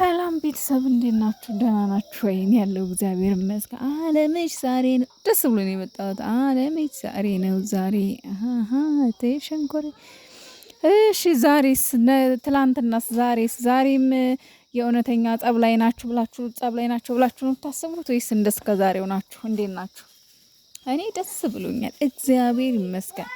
ሰላም ቤተሰብ እንዴት ናችሁ? ደህና ናችሁ ወይ? እኔ ያለው እግዚአብሔር ይመስገን። አለምሽ ዛሬ ነው ደስ ብሎ ነው የመጣሁት። አለምሽ ዛሬ ነው ዛሬ ሸንኮሬ። እሺ ዛሬስ፣ ትላንትናስ፣ ዛሬስ? ዛሬም የእውነተኛ ጸብ ላይ ናችሁ ብላችሁ ጸብ ላይ ናቸው ብላችሁ ነው የምታስቡት ወይስ እንደ እስከ ዛሬው ናችሁ? እንዴት ናችሁ? እኔ ደስ ብሎኛል፣ እግዚአብሔር ይመስገን።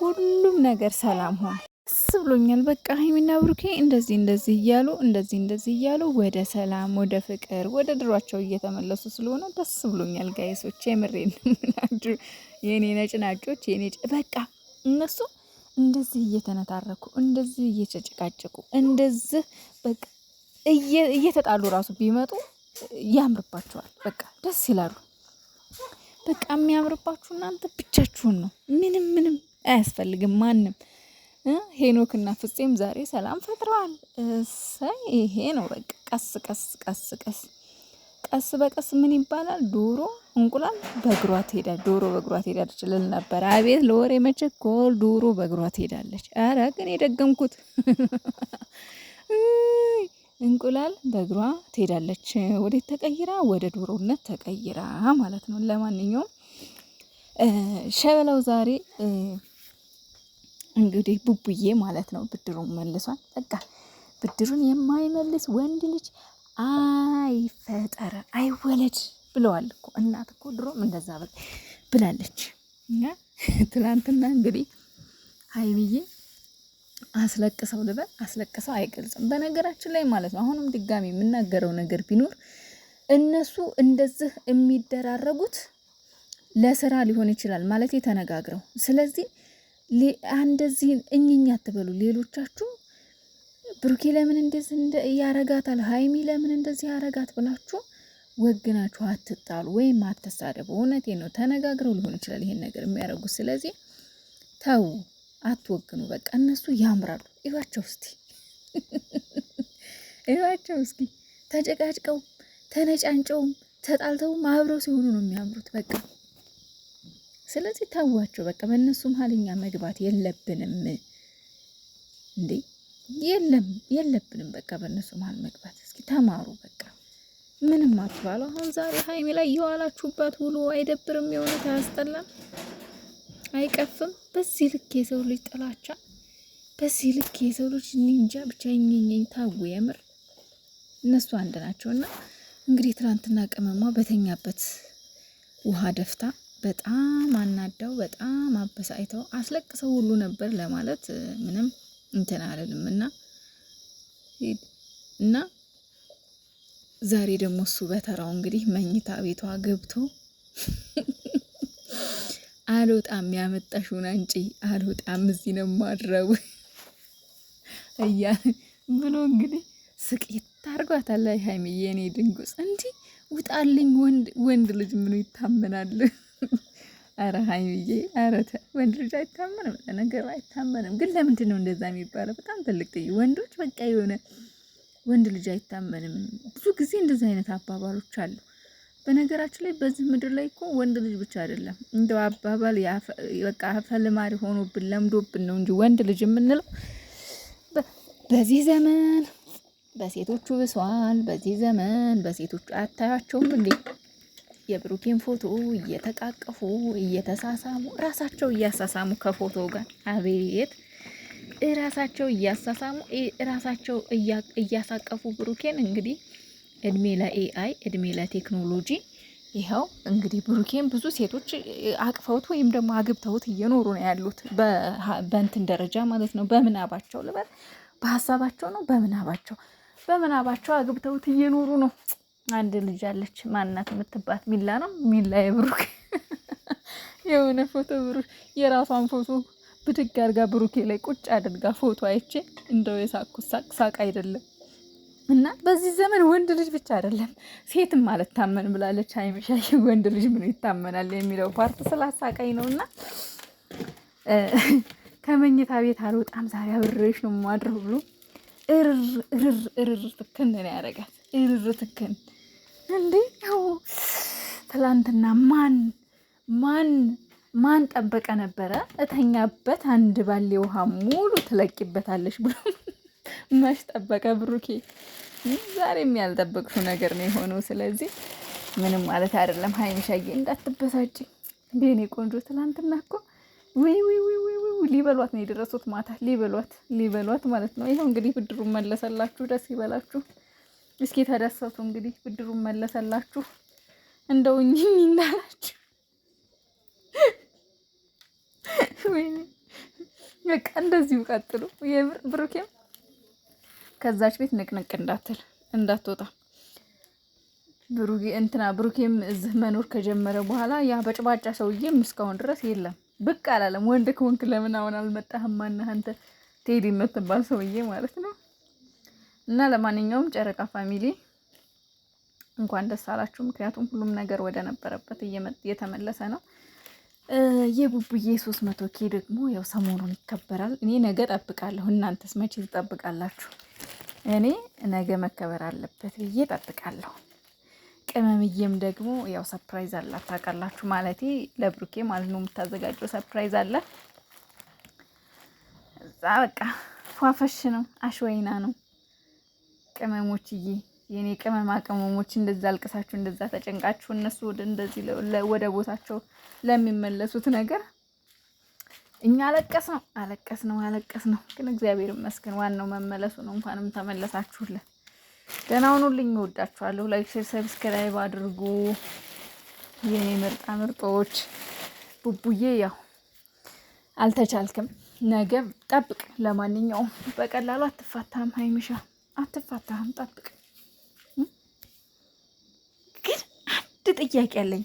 ሁሉም ነገር ሰላም ሆነ። ደስ ብሎኛል። በቃ ሀይሚና ብሩኬ እንደዚህ እንደዚህ እያሉ እንደዚህ እንደዚህ እያሉ ወደ ሰላም ወደ ፍቅር ወደ ድሯቸው እየተመለሱ ስለሆነ ደስ ብሎኛል። ጋይሶች የምሬን ምላችሁ የእኔ ናጮች የኔ በቃ እነሱ እንደዚህ እየተነታረኩ እንደዚህ እየተጨቃጨቁ እንደዚህ በቃ እየተጣሉ ራሱ ቢመጡ ያምርባቸዋል። በቃ ደስ ይላሉ። በቃ የሚያምርባችሁ እናንተ ብቻችሁን ነው። ምንም ምንም አያስፈልግም ማንም ሄኖክና ፍጼም ዛሬ ሰላም ፈጥረዋል። እሰይ ይሄ ነው በቃ ቀስ ቀስ ቀስ ቀስ ቀስ በቀስ ምን ይባላል? ዶሮ እንቁላል በእግሯ ትሄዳለች። ዶሮ በእግሯ ትሄዳለች ልል ነበር። አቤት ለወሬ መቸኮል። ዶሮ በእግሯ ትሄዳለች። አረ ግን የደገምኩት እንቁላል በእግሯ ትሄዳለች። ወዴት ተቀይራ? ወደ ዶሮነት ተቀይራ ማለት ነው። ለማንኛውም ሸበላው ዛሬ እንግዲህ ቡቡዬ ማለት ነው ብድሩን መልሷል። በቃ ብድሩን የማይመልስ ወንድ ልጅ አይፈጠር አይወለድ ብለዋል እኮ እናት እኮ ድሮም እንደዛ ብላለች። እና ትላንትና እንግዲህ ሀይሚዬ አስለቅሰው ልበል አስለቅሰው አይገልጽም። በነገራችን ላይ ማለት ነው አሁንም ድጋሚ የምናገረው ነገር ቢኖር እነሱ እንደዚህ የሚደራረጉት ለስራ ሊሆን ይችላል ማለት ተነጋግረው ስለዚህ እንደዚህ እኝኛ አትበሉ። ሌሎቻችሁ ብሩኬ ለምን እንደዚህ ያረጋታል፣ ሀይሚ ለምን እንደዚህ ያረጋት ብላችሁ ወግናችሁ አትጣሉ ወይም አትሳደቡ። እውነቴ ነው። ተነጋግረው ሊሆን ይችላል ይሄን ነገር የሚያደርጉት። ስለዚህ ተው አትወግኑ። በቃ እነሱ ያምራሉ። እዩዋቸው እስቲ፣ እዩዋቸው እስኪ። ተጨቃጭቀው ተነጫንጨውም ተጣልተውም አብረው ሲሆኑ ነው የሚያምሩት። በቃ ስለዚህ ታዋቸው በቃ በእነሱ መሀል እኛ መግባት የለብንም እንዴ የለም የለብንም በቃ በእነሱ መሀል መግባት እስኪ ተማሩ በቃ ምንም አትባሉ አሁን ዛሬ ሀይሚ ላይ የዋላችሁባት ውሎ አይደብርም የሆነ አያስጠላም አይቀፍም በዚህ ልክ የሰው ልጅ ጥላቻ በዚህ ልክ የሰው ልጅ እንጃ ብቻ ይኝኝኝ ታው የምር እነሱ አንድ ናቸውና እንግዲህ ትናንትና ቅመሟ በተኛበት ውሃ ደፍታ በጣም አናዳው በጣም አበሳጭተው አስለቅሰው ሁሉ ነበር ለማለት ምንም እንትን አልልም እና እና ዛሬ ደግሞ እሱ በተራው እንግዲህ መኝታ ቤቷ ገብቶ አልወጣም ያመጣሽውን አንጪ አልወጣም እዚህ ነው ማድረው እያለ ብሎ እንግዲህ ስቄት ታርጓታል። ሀይሚዬ የኔ ድንጉስ እንዲህ ውጣልኝ ወንድ ወንድ ልጅ ምኑ ይታመናል? አረ ሀይሚዬ፣ አረ ወንድ ልጅ አይታመንም፣ ነገር አይታመንም። ግን ለምንድን ነው እንደዛ የሚባለው? በጣም ትልቅ ጥይ ወንዶች በቃ የሆነ ወንድ ልጅ አይታመንም። ብዙ ጊዜ እንደዚህ አይነት አባባሎች አሉ። በነገራችን ላይ በዚህ ምድር ላይ እኮ ወንድ ልጅ ብቻ አይደለም እንደው አባባል በቃ አፈለማሪ ሆኖብን ለምዶብን ነው እንጂ ወንድ ልጅ የምንለው በዚህ ዘመን በሴቶቹ ብሷል። በዚህ ዘመን በሴቶቹ አታያቸውም እንዴ? የብሩኬን ፎቶ እየተቃቀፉ እየተሳሳሙ ራሳቸው እያሳሳሙ ከፎቶ ጋር አቤት ራሳቸው እያሳሳሙ ራሳቸው እያሳቀፉ ብሩኬን እንግዲህ እድሜ ለኤአይ እድሜ ለቴክኖሎጂ ይኸው እንግዲህ ብሩኬን ብዙ ሴቶች አቅፈውት ወይም ደግሞ አግብተውት እየኖሩ ነው ያሉት። በእንትን ደረጃ ማለት ነው። በምናባቸው ልበል፣ በሀሳባቸው ነው፣ በምናባቸው በምናባቸው አግብተውት እየኖሩ ነው። አንድ ልጅ አለች ማናት የምትባት ሚላ ነው ሚላ የብሩክ የሆነ ፎቶ ብሩክ የራሷን ፎቶ ብድግ አድርጋ ብሩኬ ላይ ቁጭ አድርጋ ፎቶ አይቼ እንደው የሳቅኩት ሳቅ ሳቅ አይደለም እና በዚህ ዘመን ወንድ ልጅ ብቻ አይደለም ሴትም አልታመን ብላለች አይመሻሽ ወንድ ልጅ ምን ይታመናል የሚለው ፓርት ስላሳቀኝ ነው እና ከመኝታ ቤት አልወጣም ዛሬ አብሬሽ ነው የማድረው ብሎ እርር እርር እርር ትክንን ያደርጋት ይርርትክን እንዴ ትላንትና ማን ማን ማን ጠበቀ ነበረ እተኛበት አንድ ባሌ ውሃ ሙሉ ትለቂበታለሽ ብሎ መች ጠበቀ ብሩኬ። ዛሬም ያልጠበቅሽው ነገር ነው የሆነው። ስለዚህ ምንም ማለት አይደለም። ሀይሚሻዬ እንዳትበሳጭ የእኔ ቆንጆ። ትላንትና እኮ ውይ ሊበሏት ነው የደረሱት። ማታ ሊበሏት ሊበሏት ማለት ነው። ይኸው እንግዲህ ብድሩን መለሰላችሁ። ደስ ይበላችሁ። እስኪ ተደሰቱ እንግዲህ ብድሩን መለሰላችሁ እንደው እኚህ እንዳላችሁ ወይኔ በቃ እንደዚሁ ቀጥሉ። የምር ብሩኬም ከዛች ቤት ንቅንቅ እንዳትል እንዳትወጣ ብሩኬ እንትና ብሩኬም እዚህ መኖር ከጀመረ በኋላ ያ በጭባጫ ሰውዬም እስካሁን ድረስ የለም ብቅ አላለም። ወንድ ከሆንክ ለምን አሁን አልመጣህም? ማነህ አንተ ቴዲ የምትባል ሰውዬ ማለት ነው። እና ለማንኛውም ጨረቃ ፋሚሊ እንኳን ደስ አላችሁ። ምክንያቱም ሁሉም ነገር ወደ ነበረበት እየተመለሰ ነው። የቡቡዬ ሶስት መቶ ኬ ደግሞ ያው ሰሞኑን ይከበራል። እኔ ነገ ጠብቃለሁ። እናንተስ መቼ ትጠብቃላችሁ? እኔ ነገ መከበር አለበት ብዬ ጠብቃለሁ። ቅመምዬም ደግሞ ያው ሰፕራይዝ አላት ታውቃላችሁ፣ ማለት ለብሩኬ ማለት ነው የምታዘጋጀው ሰፕራይዝ አለ እዛ በቃ ፏፈሽ ነው፣ አሽወይና ነው ቅመሞችዬ የኔ ቅመማ ቅመሞች እንደዛ አልቅሳችሁ እንደዛ ተጨንቃችሁ እነሱ እንደዚህ ወደ ቦታቸው ለሚመለሱት ነገር እኛ አለቀስ ነው አለቀስ ነው አለቀስ ነው፣ ግን እግዚአብሔር ይመስገን ዋናው መመለሱ ነው። እንኳንም ተመለሳችሁልን። ደህና ሁኑልኝ። እወዳችኋለሁ። ላይክ፣ ሼር፣ ሰብስክራይብ አድርጉ የኔ ምርጣ ምርጦች። ቡቡዬ ያው አልተቻልክም፣ ነገ ጠብቅ። ለማንኛውም በቀላሉ አትፋታም ሀይሚሻ አትፋታህም፣ ጠብቅ። ግን አንድ ጥያቄ አለኝ።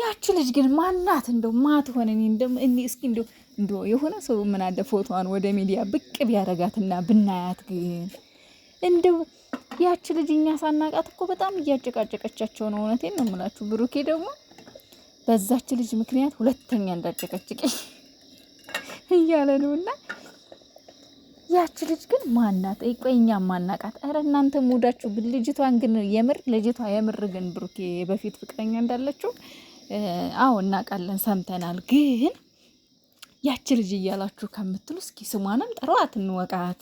ያቺ ልጅ ግን ማናት? እንደው ማት እኔ እንደው እኔ እስኪ እንደው እንደው የሆነ ሰው ምን አለ ፎቶዋን ወደ ሚዲያ ብቅ ቢያረጋትና ብናያት ግን እንደው ያቺ ልጅ እኛ ሳናቃት እኮ በጣም እያጨቃጨቀቻቸው ነው። እውነቴን ነው የምላችሁ። ብሩኬ ደግሞ በዛች ልጅ ምክንያት ሁለተኛ እንዳጨቀጭቀኝ እያለ ነው እና ያቺ ልጅ ግን ማናት? ቆኛ ማናቃት? ኧረ እናንተ ሙዳችሁ። ልጅቷን ግን የምር ልጅቷ የምር ግን ብሩኬ በፊት ፍቅረኛ እንዳለችው አዎ እናውቃለን፣ ሰምተናል። ግን ያቺ ልጅ እያላችሁ ከምትሉ እስኪ ስሟንም ጠሯት፣ እንወቃት፣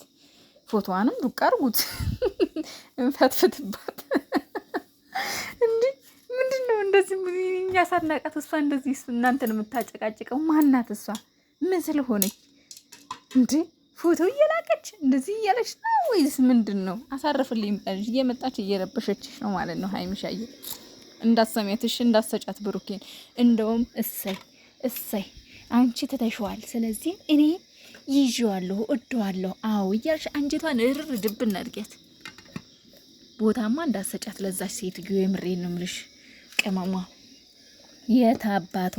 ፎቶዋንም ዱቅ አርጉት፣ እንፈትፍትባት። እንዲህ ምንድን ነው እንደዚህ እኛ ሳናቃት እሷ እንደዚህ እናንተን የምታጨቃጭቀው ማናት? እሷ ምን ስለሆነች እንዲህ ፎቶ እየላቀች እንደዚህ እያለች ነው ወይስ ምንድን ነው? አሳርፍልኝ ብላለች። እየመጣች እየረበሸችሽ ነው ማለት ነው ሀይሚሻዬ። እንዳሰሜትሽ እንዳሰጫት ብሩኬን። እንደውም እሰይ እሰይ አንቺ ትተሽዋል፣ ስለዚህ እኔ ይዤዋለሁ፣ እድዋለሁ። አዎ እያልሽ አንጀቷን እርር ድብ እናድርጊያት። ቦታማ እንዳሰጫት ለዛች ሴትዮ። የምሬን ነው የምልሽ ቅመሟ የታባቷ